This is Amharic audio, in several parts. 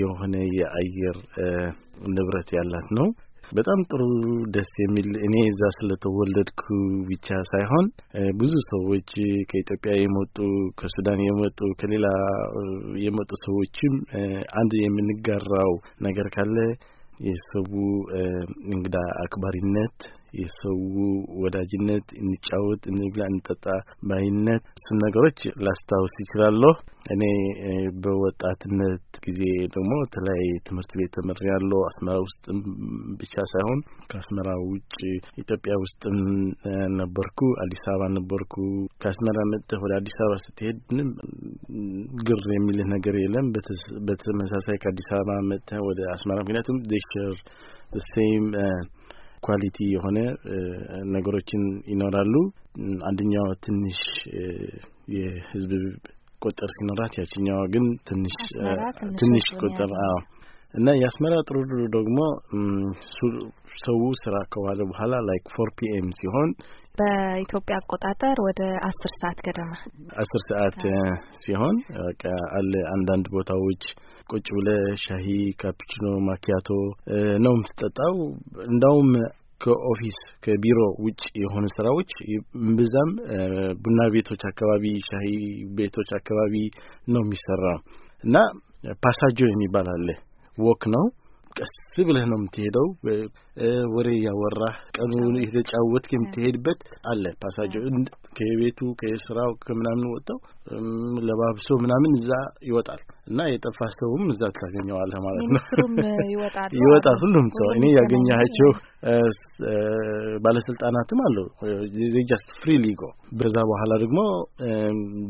የሆነ የአየር ንብረት ያላት ነው። በጣም ጥሩ ደስ የሚል እኔ እዛ ስለተወለድኩ ብቻ ሳይሆን ብዙ ሰዎች ከኢትዮጵያ የመጡ ከሱዳን የመጡ ከሌላ የመጡ ሰዎችም አንድ የምንጋራው ነገር ካለ የሰቡ እንግዳ አክባሪነት የሰው ወዳጅነት፣ እንጫወት፣ እንብላ፣ እንጠጣ ባይነት እሱን ነገሮች ላስታውስ ይችላለሁ። እኔ በወጣትነት ጊዜ ደግሞ የተለያየ ትምህርት ቤት ተምሬያለሁ። አስመራ ውስጥም ብቻ ሳይሆን ከአስመራ ውጭ ኢትዮጵያ ውስጥም ነበርኩ፣ አዲስ አበባ ነበርኩ። ከአስመራ መጥተህ ወደ አዲስ አበባ ስትሄድ ምንም ግር የሚልህ ነገር የለም። በተመሳሳይ ከአዲስ አበባ መጥተህ ወደ አስመራ ምክንያቱም ዴሸር ሴም ኳሊቲ የሆነ ነገሮችን ይኖራሉ። አንደኛው ትንሽ የህዝብ ቁጥር ሲኖራት፣ ያችኛዋ ግን ትንሽ ትንሽ ቁጥር አዎ እና የአስመራ ጥሩ ደግሞ ሰው ስራ ከዋለ በኋላ ላይክ ፎር ፒኤም ሲሆን በኢትዮጵያ አቆጣጠር ወደ አስር ሰዓት ገደማ አስር ሰዓት ሲሆን አለ አንዳንድ ቦታዎች ቁጭ ብለ ሻሂ፣ ካፒችኖ፣ ማኪያቶ ነው የምትጠጣው። እንዳውም ከኦፊስ ከቢሮ ውጭ የሆኑ ስራዎች ብዛም ቡና ቤቶች አካባቢ፣ ሻሂ ቤቶች አካባቢ ነው የሚሰራው እና ፓሳጆ የሚባል አለ። ወክ ነው። ቀስ ብለህ ነው የምትሄደው። ወሬ ያወራህ ቀኑን የተጫወትክ የምትሄድበት አለ። ፓሳጅ ከቤቱ ከስራው ከምናምን ወጥተው ለባብሶ ምናምን እዛ ይወጣል እና የጠፋ ሰውም እዛ ታገኘዋለህ ማለት ነው። ይወጣል ይወጣል ሁሉም ሰው እኔ ያገኘሃቸው ባለስልጣናትም አለው ጃስት ፍሪ ሊጎ። በዛ በኋላ ደግሞ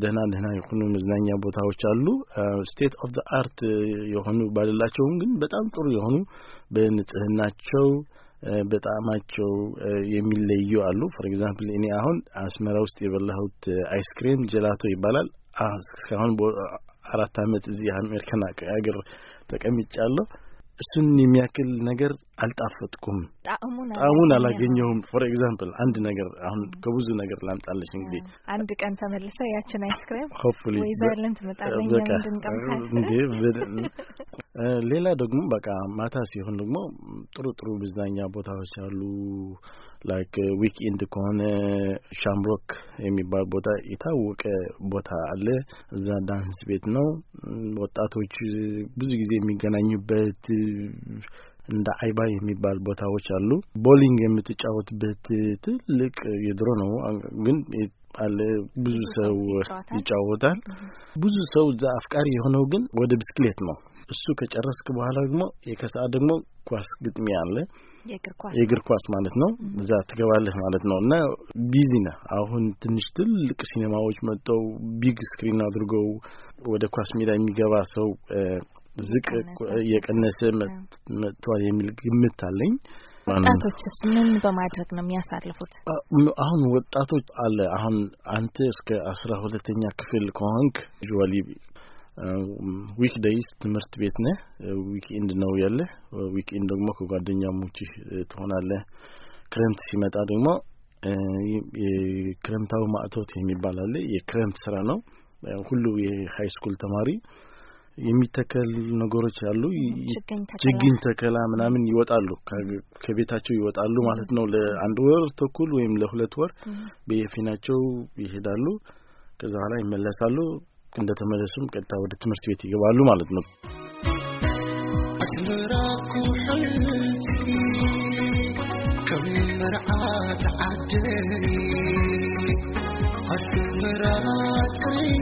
ደህና ደህና የሆኑ መዝናኛ ቦታዎች አሉ። ስቴት ኦፍ ዘ አርት የሆኑ ባልላቸውም ግን በጣም ጥሩ የሆኑ በንጽህናቸው በጣዕማቸው የሚለዩ አሉ። ፎር ኤግዛምፕል እኔ አሁን አስመራ ውስጥ የበላሁት አይስክሪም ጀላቶ ይባላል። እስካሁን አራት አመት እዚህ አሜሪካን አገር ተቀምጫለሁ። እሱን የሚያክል ነገር አልጣፈጥኩም፣ ጣዕሙን አላገኘሁም። ፎር ኤግዛምፕል አንድ ነገር አሁን ከብዙ ነገር ላምጣለሽ። እንግዲህ አንድ ቀን ተመልሰ ያችን አይስክሬም ሆፕፉሊ ወይዘልን ትመጣለኝ። ሌላ ደግሞ በቃ ማታ ሲሆን ደግሞ ጥሩ ጥሩ ብዛኛ ቦታዎች አሉ። ላይክ ዊክኤንድ ከሆነ ሻምሮክ የሚባል ቦታ የታወቀ ቦታ አለ። እዛ ዳንስ ቤት ነው ወጣቶች ብዙ ጊዜ የሚገናኙበት እንደ አይባ የሚባል ቦታዎች አሉ። ቦሊንግ የምትጫወትበት ትልቅ የድሮ ነው ግን አለ ብዙ ሰው ይጫወታል። ብዙ ሰው እዛ አፍቃሪ የሆነው ግን ወደ ብስክሌት ነው። እሱ ከጨረስክ በኋላ ደግሞ ከሰዓት ደግሞ ኳስ ግጥሚያ አለ። የእግር ኳስ ማለት ነው። እዛ ትገባለህ ማለት ነው። እና ቢዚ ነህ። አሁን ትንሽ ትልቅ ሲኔማዎች መጥተው ቢግ ስክሪን አድርገው ወደ ኳስ ሜዳ የሚገባ ሰው ዝቅ የቀነሰ መጥቷል የሚል ግምት አለኝ። ወጣቶችስ ምን በማድረግ ነው የሚያሳልፉት? አሁን ወጣቶች አለ አሁን አንተ እስከ አስራ ሁለተኛ ክፍል ከሆንክ ዋሊ ዊክ ደይስ ትምህርት ቤት ነህ፣ ዊክኤንድ ነው ያለህ። ዊክኤንድ ደግሞ ሙች ትሆናለህ። ክረምት ሲመጣ ደግሞ የክረምታዊ ማዕቶት የሚባል አለ። የክረምት ስራ ነው። ሁሉ የሀይ ስኩል ተማሪ የሚተከል ነገሮች አሉ። ችግኝ ተከላ ምናምን ይወጣሉ፣ ከቤታቸው ይወጣሉ ማለት ነው። ለአንድ ወር ተኩል ወይም ለሁለት ወር በየፊናቸው ይሄዳሉ። ከዛ በኋላ ይመለሳሉ። እንደተመለሱም ቀጥታ ወደ ትምህርት ቤት ይገባሉ ማለት ነው። مرعات